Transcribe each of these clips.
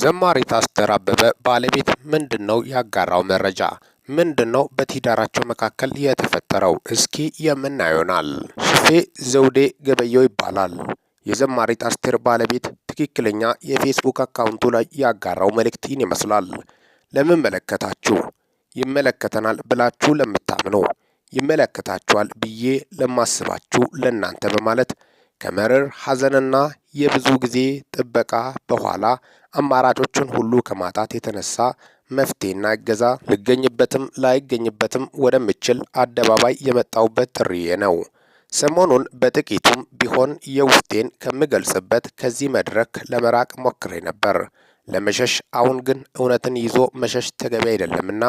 ዘማሪት አስቴር አበበ ባለቤት ምንድን ነው ያጋራው መረጃ? ምንድን ነው በትዳራቸው መካከል የተፈጠረው? እስኪ የምናየናል። ሽፌ ዘውዴ ገበየው ይባላል። የዘማሪት አስቴር ባለቤት ትክክለኛ የፌስቡክ አካውንቱ ላይ ያጋራው መልእክትን ይመስላል። ለምመለከታችሁ ይመለከተናል ብላችሁ ለምታምኑ ይመለከታችኋል ብዬ ለማስባችሁ ለእናንተ በማለት ከመርር ሐዘንና የብዙ ጊዜ ጥበቃ በኋላ አማራጮችን ሁሉ ከማጣት የተነሳ መፍትሄና እገዛ ልገኝበትም ላይገኝበትም ወደምችል አደባባይ የመጣውበት ጥሪዬ ነው። ሰሞኑን በጥቂቱም ቢሆን የውስጤን ከምገልጽበት ከዚህ መድረክ ለመራቅ ሞክሬ ነበር ለመሸሽ። አሁን ግን እውነትን ይዞ መሸሽ ተገቢ አይደለምና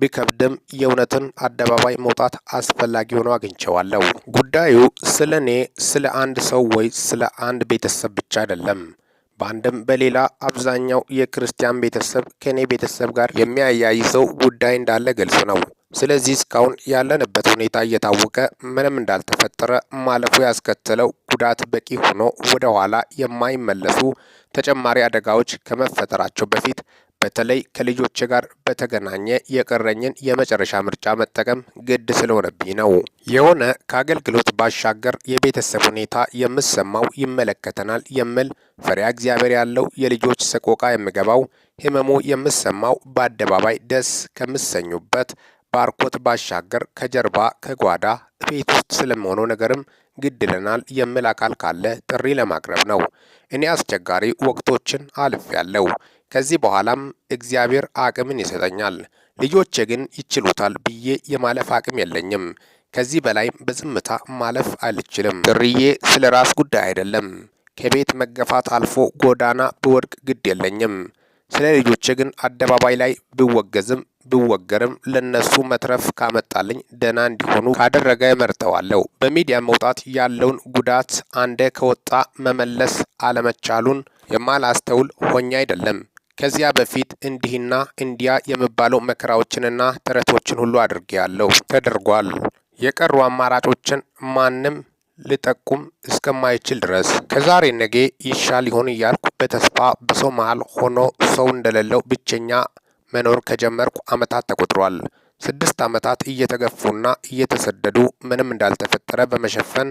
ቢከብድም የእውነትን አደባባይ መውጣት አስፈላጊ ሆኖ አግኝቸዋለሁ። ጉዳዩ ስለ እኔ፣ ስለ አንድ ሰው ወይ ስለ አንድ ቤተሰብ ብቻ አይደለም። በአንድም በሌላ አብዛኛው የክርስቲያን ቤተሰብ ከኔ ቤተሰብ ጋር የሚያያይዘው ጉዳይ እንዳለ ግልጽ ነው። ስለዚህ እስካሁን ያለንበት ሁኔታ እየታወቀ ምንም እንዳልተፈጠረ ማለፉ ያስከተለው ጉዳት በቂ ሆኖ ወደ ኋላ የማይመለሱ ተጨማሪ አደጋዎች ከመፈጠራቸው በፊት በተለይ ከልጆች ጋር በተገናኘ የቀረኝን የመጨረሻ ምርጫ መጠቀም ግድ ስለሆነብኝ ነው። የሆነ ከአገልግሎት ባሻገር የቤተሰብ ሁኔታ የምሰማው ይመለከተናል የምል ፈሪያ እግዚአብሔር ያለው የልጆች ሰቆቃ የምገባው ህመሙ የምሰማው በአደባባይ ደስ ከምሰኙበት ባርኮት ባሻገር ከጀርባ ከጓዳ ቤት ውስጥ ስለሚሆነው ነገርም ግድ ይለናል የሚል አካል ካለ ጥሪ ለማቅረብ ነው። እኔ አስቸጋሪ ወቅቶችን አልፍ ያለው ከዚህ በኋላም እግዚአብሔር አቅምን ይሰጠኛል። ልጆቼ ግን ይችሉታል ብዬ የማለፍ አቅም የለኝም። ከዚህ በላይ በዝምታ ማለፍ አልችልም። ጥሪዬ ስለ ራስ ጉዳይ አይደለም። ከቤት መገፋት አልፎ ጎዳና ብወድቅ ግድ የለኝም። ስለ ልጆቼ ግን አደባባይ ላይ ብወገዝም ብወገርም ለነሱ መትረፍ ካመጣልኝ ደህና እንዲሆኑ ካደረገ መርጠዋለሁ። በሚዲያ መውጣት ያለውን ጉዳት አንዴ ከወጣ መመለስ አለመቻሉን የማላስተውል ሆኜ አይደለም። ከዚያ በፊት እንዲህና እንዲያ የምባለው መከራዎችንና ተረቶችን ሁሉ አድርጌያለሁ፣ ተደርጓል። የቀሩ አማራጮችን ማንም ልጠቁም እስከማይችል ድረስ ከዛሬ ነገ ይሻል ይሆን እያልኩ በተስፋ በሰው መሃል ሆኖ ሰው እንደሌለው ብቸኛ መኖር ከጀመርኩ ዓመታት ተቆጥሯል። ስድስት ዓመታት እየተገፉና እየተሰደዱ ምንም እንዳልተፈጠረ በመሸፈን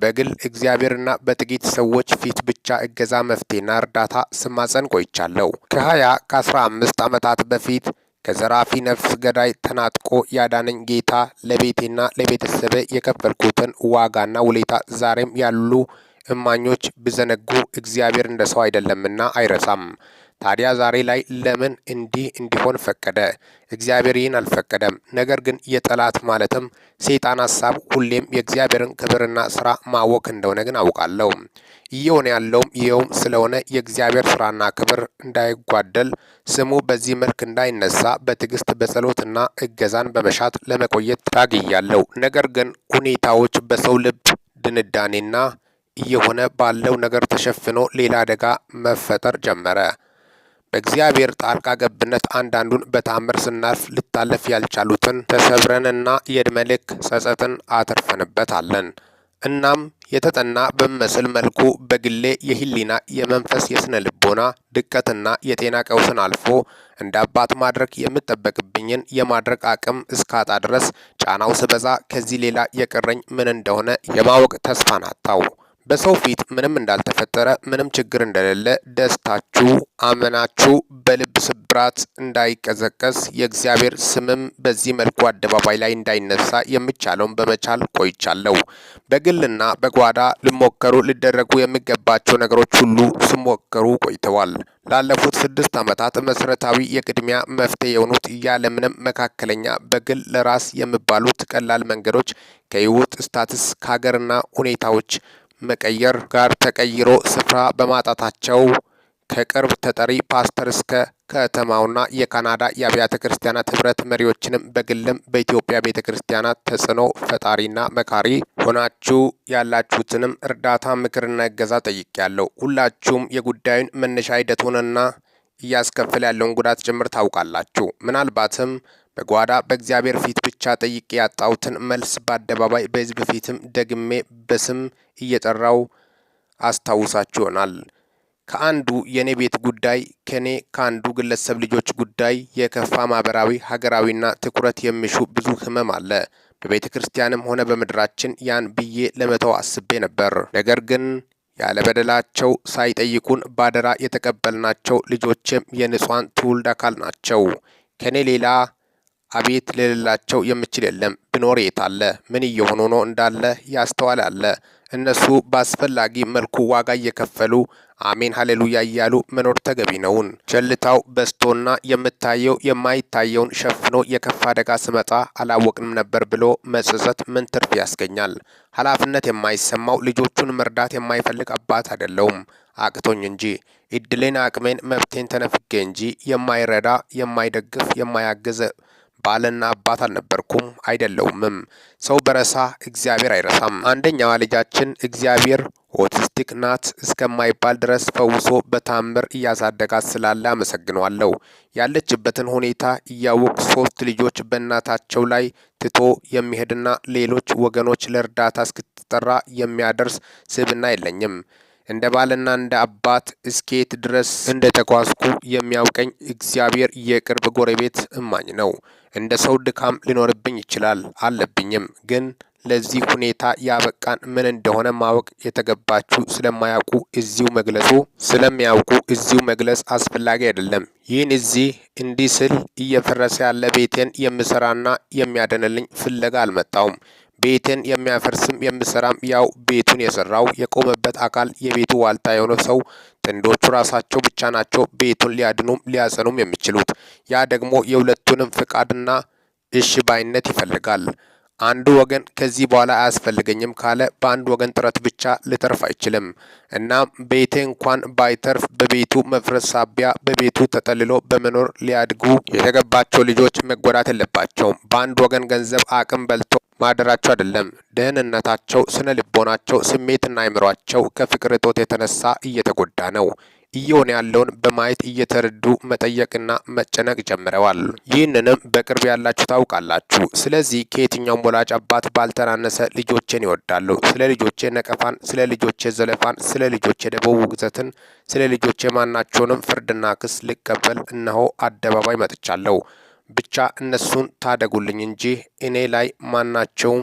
በግል እግዚአብሔርና በጥቂት ሰዎች ፊት ብቻ እገዛ መፍትሄና እርዳታ ስማጸን ቆይቻለሁ ከሀያ ከአስራ ከ ከ15 ዓመታት በፊት ከዘራፊ ነፍስ ገዳይ ተናጥቆ ያዳነኝ ጌታ ለቤቴና ለቤተሰቤ የከፈልኩትን ዋጋና ውለታ ዛሬም ያሉ እማኞች ብዘነጉ እግዚአብሔር እንደ ሰው አይደለምና አይረሳም። ታዲያ ዛሬ ላይ ለምን እንዲህ እንዲሆን ፈቀደ? እግዚአብሔር ይህን አልፈቀደም። ነገር ግን የጠላት ማለትም ሰይጣን ሀሳብ ሁሌም የእግዚአብሔርን ክብርና ስራ ማወክ እንደሆነ ግን አውቃለሁ። እየሆነ ያለውም ይኸውም ስለሆነ የእግዚአብሔር ስራና ክብር እንዳይጓደል ስሙ በዚህ መልክ እንዳይነሳ በትዕግስት በጸሎትና እገዛን በመሻት ለመቆየት ታግያለሁ። ነገር ግን ሁኔታዎች በሰው ልብ ድንዳኔና እየሆነ ባለው ነገር ተሸፍኖ ሌላ አደጋ መፈጠር ጀመረ። በእግዚአብሔር ጣልቃ ገብነት አንዳንዱን በታምር ስናልፍ ልታለፍ ያልቻሉትን ተሰብረንና የዕድሜ ልክ ጸጸትን አተርፈንበታለን። እናም የተጠና በሚመስል መልኩ በግሌ የህሊና የመንፈስ የስነ ልቦና ድቀትና የጤና ቀውስን አልፎ እንደ አባት ማድረግ የምጠበቅብኝን የማድረግ አቅም እስካጣ ድረስ ጫናው ስበዛ ከዚህ ሌላ የቀረኝ ምን እንደሆነ የማወቅ ተስፋን አጣው። በሰው ፊት ምንም እንዳልተፈጠረ ምንም ችግር እንደሌለ ደስታችሁ አመናችሁ በልብ ስብራት እንዳይቀዘቀስ የእግዚአብሔር ስምም በዚህ መልኩ አደባባይ ላይ እንዳይነሳ የምቻለውን በመቻል ቆይቻለሁ። በግልና በጓዳ ልሞከሩ ሊደረጉ የሚገባቸው ነገሮች ሁሉ ስሞከሩ ቆይተዋል። ላለፉት ስድስት ዓመታት መሰረታዊ የቅድሚያ መፍትሄ የሆኑት ያለምንም መካከለኛ በግል ለራስ የሚባሉት ቀላል መንገዶች ከህይወት ስታትስ ከሀገርና ሁኔታዎች መቀየር ጋር ተቀይሮ ስፍራ በማጣታቸው ከቅርብ ተጠሪ ፓስተር እስከ ከተማውና የካናዳ የአብያተ ክርስቲያናት ህብረት መሪዎችንም በግልም በኢትዮጵያ ቤተ ክርስቲያናት ተጽዕኖ ፈጣሪና መካሪ ሆናችሁ ያላችሁትንም እርዳታ ምክርና እገዛ ጠይቄያለሁ። ሁላችሁም የጉዳዩን መነሻ ሆነና እያስከፈለ ያለውን ጉዳት ጭምር ታውቃላችሁ። ምናልባትም በጓዳ በእግዚአብሔር ፊት ብቻ ጠይቄ ያጣሁትን መልስ በአደባባይ በሕዝብ ፊትም ደግሜ በስም እየጠራው አስታውሳችሁ ይሆናል። ከአንዱ የእኔ ቤት ጉዳይ ከኔ ከአንዱ ግለሰብ ልጆች ጉዳይ የከፋ ማህበራዊ፣ ሀገራዊና ትኩረት የሚሹ ብዙ ህመም አለ። በቤተ ክርስቲያንም ሆነ በምድራችን ያን ብዬ ለመተው አስቤ ነበር። ነገር ግን ያለበደላቸው ሳይጠይቁን ባደራ የተቀበልናቸው ልጆችም የንጹሐን ትውልድ አካል ናቸው። ከኔ ሌላ አቤት ለሌላቸው የምችል የለም። ብኖር የታለ ምን እየሆኑ ነው እንዳለ ያስተዋል አለ። እነሱ በአስፈላጊ መልኩ ዋጋ እየከፈሉ አሜን ሀሌሉያ እያሉ መኖር ተገቢ ነውን። ቸልታው በዝቶና የምታየው የማይታየውን ሸፍኖ የከፋ አደጋ ስመጣ አላወቅንም ነበር ብሎ መጸጸት ምን ትርፍ ያስገኛል? ኃላፊነት የማይሰማው ልጆቹን መርዳት የማይፈልግ አባት አይደለውም። አቅቶኝ እንጂ እድሌን፣ አቅሜን፣ መብቴን ተነፍጌ እንጂ የማይረዳ የማይደግፍ የማያግዝ ባልና አባት አልነበርኩም አይደለውምም። ሰው በረሳ እግዚአብሔር አይረሳም። አንደኛዋ ልጃችን እግዚአብሔር ኦቲስቲክ ናት እስከማይባል ድረስ ፈውሶ በታምር እያሳደጋት ስላለ አመሰግነዋለሁ። ያለችበትን ሁኔታ እያወቅ ሶስት ልጆች በእናታቸው ላይ ትቶ የሚሄድና ሌሎች ወገኖች ለእርዳታ እስክትጠራ የሚያደርስ ስብና የለኝም። እንደ ባልና እንደ አባት እስኬት ድረስ እንደተጓዝኩ የሚያውቀኝ እግዚአብሔር የቅርብ ጎረቤት እማኝ ነው። እንደ ሰው ድካም ሊኖርብኝ ይችላል አለብኝም። ግን ለዚህ ሁኔታ ያበቃን ምን እንደሆነ ማወቅ የተገባችሁ ስለማያውቁ እዚሁ መግለጹ ስለሚያውቁ እዚሁ መግለጽ አስፈላጊ አይደለም። ይህን እዚህ እንዲህ ስል እየፈረሰ ያለ ቤቴን የምሰራና የሚያደንልኝ ፍለጋ አልመጣውም። ቤትን የሚያፈርስም የሚሰራም ያው ቤቱን የሰራው የቆመበት አካል የቤቱ ዋልታ የሆነ ሰው ጥንዶቹ ራሳቸው ብቻ ናቸው ቤቱን ሊያድኑም ሊያጸኑም የሚችሉት። ያ ደግሞ የሁለቱንም ፍቃድና እሺ ባይነት ይፈልጋል። አንዱ ወገን ከዚህ በኋላ አያስፈልገኝም ካለ በአንድ ወገን ጥረት ብቻ ልተርፍ አይችልም። እናም ቤቴ እንኳን ባይተርፍ በቤቱ መፍረስ ሳቢያ በቤቱ ተጠልሎ በመኖር ሊያድጉ የተገባቸው ልጆች መጎዳት የለባቸውም። በአንድ ወገን ገንዘብ አቅም በልቶ ማደራቸው አይደለም። ደህንነታቸው፣ ስነ ልቦናቸው፣ ስሜትና አይምሯቸው ከፍቅር እጦት የተነሳ እየተጎዳ ነው። እየሆነ ያለውን በማየት እየተረዱ መጠየቅና መጨነቅ ጀምረዋል። ይህንንም በቅርብ ያላችሁ ታውቃላችሁ። ስለዚህ ከየትኛውም ወላጅ አባት ባልተናነሰ ልጆቼን ይወዳለሁ፣ ስለ ልጆቼ ነቀፋን፣ ስለ ልጆቼ ዘለፋን፣ ስለ ልጆቼ ደቦ ውግዘትን፣ ስለ ልጆቼ ማናቸውንም ፍርድና ክስ ልቀበል እነሆ አደባባይ መጥቻለሁ። ብቻ እነሱን ታደጉልኝ እንጂ እኔ ላይ ማናቸውም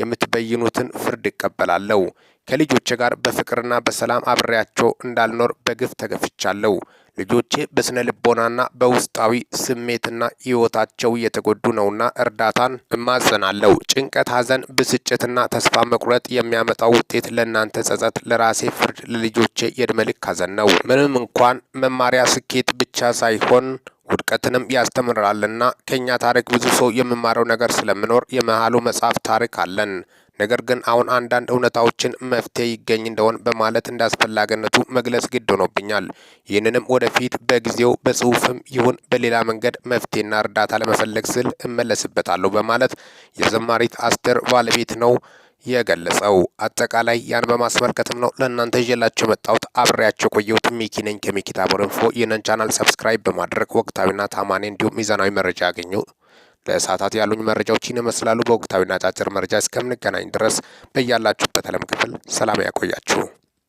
የምትበይኑትን ፍርድ እቀበላለሁ። ከልጆቼ ጋር በፍቅርና በሰላም አብሬያቸው እንዳልኖር በግፍ ተገፍቻለሁ። ልጆቼ በስነ ልቦናና በውስጣዊ ስሜትና ህይወታቸው እየተጎዱ ነውና እርዳታን እማጸናለሁ። ጭንቀት፣ ሐዘን፣ ብስጭትና ተስፋ መቁረጥ የሚያመጣው ውጤት ለእናንተ ጸጸት፣ ለራሴ ፍርድ፣ ለልጆቼ የዕድሜ ልክ ሐዘን ነው። ምንም እንኳን መማሪያ ስኬት ብቻ ሳይሆን ውድቀትንም ያስተምራልና ከኛ ታሪክ ብዙ ሰው የምማረው ነገር ስለምኖር የመሃሉ መጽሐፍ ታሪክ አለን። ነገር ግን አሁን አንዳንድ እውነታዎችን መፍትሄ ይገኝ እንደሆን በማለት እንዳስፈላጊነቱ መግለጽ ግድ ሆኖብኛል። ይህንንም ወደፊት በጊዜው በጽሁፍም ይሁን በሌላ መንገድ መፍትሄና እርዳታ ለመፈለግ ስል እመለስበታለሁ በማለት የዘማሪት አስቴር ባለቤት ነው የገለጸው። አጠቃላይ ያን በማስመልከትም ነው ለእናንተ ይዤላቸው የመጣሁት። አብሬያቸው ቆየሁት። ሚኪ ነኝ ከሚኪታ ቦረንፎ። ይህንን ቻናል ሰብስክራይብ በማድረግ ወቅታዊና ታማኔ እንዲሁም ሚዛናዊ መረጃ ያገኙ። ለእሳታት ያሉኝ መረጃዎች ይህን ይመስላሉ። በወቅታዊና አጫጭር መረጃ እስከምንገናኝ ድረስ በያላችሁበት ዓለም ክፍል ሰላም ያቆያችሁ።